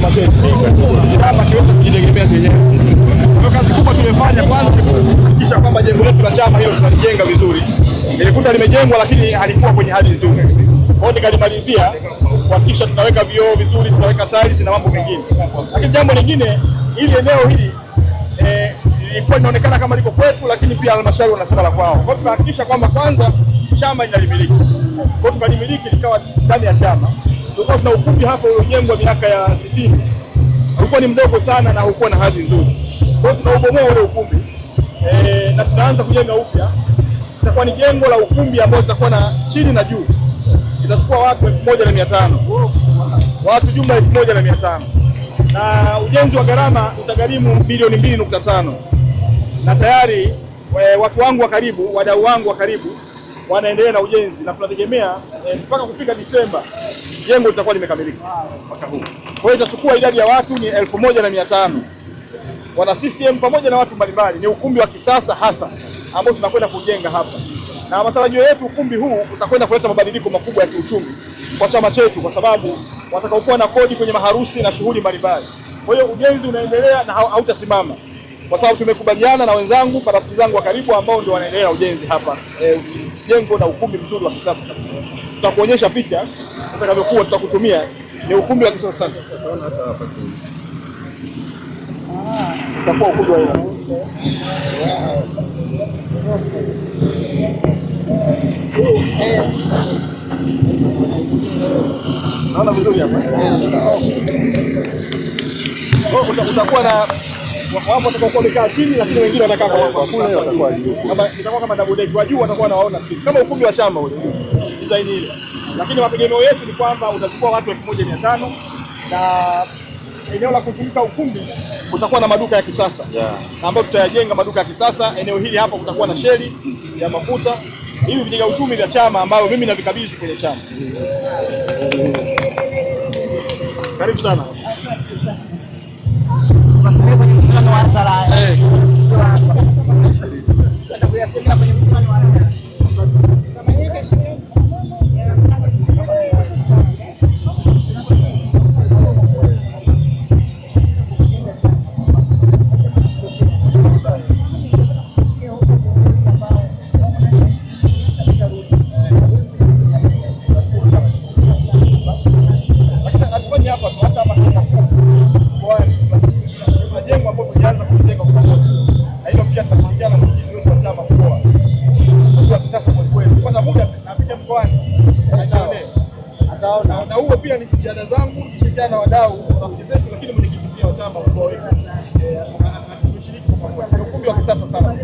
chama chetu hapa kiweze kujitegemea chenyewe. Ndio kazi kubwa tumefanya, kwanza kuhakikisha kwamba jengo letu la chama hilo tunalijenga vizuri. Nilikuta limejengwa lakini halikuwa kwenye hali nzuri, kwao nikalimalizia kuhakikisha tunaweka vioo vizuri, tunaweka tiles na mambo mengine. Lakini jambo lingine, ili eneo hili ilikuwa eh, inaonekana kama liko kwetu, lakini pia halmashauri wanasema la kwao. Kwa tunahakikisha kwamba kwanza chama linalimiliki, kwa tukalimiliki likawa ndani ya chama tulikuwa tuna ukumbi hapa uliojengwa miaka ya sitini, ulikuwa ni mdogo sana na haukuwa na hadhi nzuri. Kwa hiyo tunaubomoa ule ukumbi e, na tunaanza kujenga upya. Itakuwa ni jengo la ukumbi ambao litakuwa na chini na juu, itachukua watu elfu moja na mia tano watu jumla elfu moja na mia tano na ujenzi wa gharama utagharimu bilioni mbili nukta tano na tayari eh, watu wangu wa karibu, wadau wangu wa karibu wanaendelea na ujenzi na tunategemea eh, mpaka kufika Disemba jengo litakuwa limekamilika mwaka huu. Kwa hiyo itachukua idadi ya watu ni elfu moja na mia tano wana CCM pamoja na watu mbalimbali. Ni ukumbi wa kisasa hasa ambao tunakwenda kujenga hapa, na matarajio yetu ukumbi huu utakwenda kuleta mabadiliko makubwa ya kiuchumi kwa chama chetu, kwa sababu watakaokuwa na kodi kwenye maharusi na shughuli mbalimbali. Kwa hiyo ujenzi unaendelea na hautasimama kwa sababu tumekubaliana na wenzangu, marafiki zangu wa karibu ambao ndio wanaendelea ujenzi hapa eh, jengo na ukumbi mzuri wa kisasa. Tutakuonyesha picha utakavyokuwa, tutakutumia ni ukumbi wa kisasa sana. Utakuwa ukumbi wa aina naona vizuri hapa, oh, utakuwa na wapo watakaokuwa wamekaa chini, lakini wengine watakaa kama itakuwa kama double deck, wajuu watakuwa wanaona kama ukumbi wa chama ule design ile, lakini mategemeo yetu ni kwamba utachukua watu elfu moja mia tano na eneo la kutumika ukumbi utakuwa na maduka ya kisasa yeah, ambayo tutayajenga maduka ya kisasa eneo hili hapa. Kutakuwa na sheli ya mafuta, hivi vitega uchumi vya chama ambayo mimi navikabidhi kwenye chama. Mm. Karibu sana. Thank you. jitihada zangu kushirikiana na wadau rafiki zetu, lakini mwenyekiti pia wa chama mkoa wetu tumeshiriki kwa ukumbi wa kisasa sana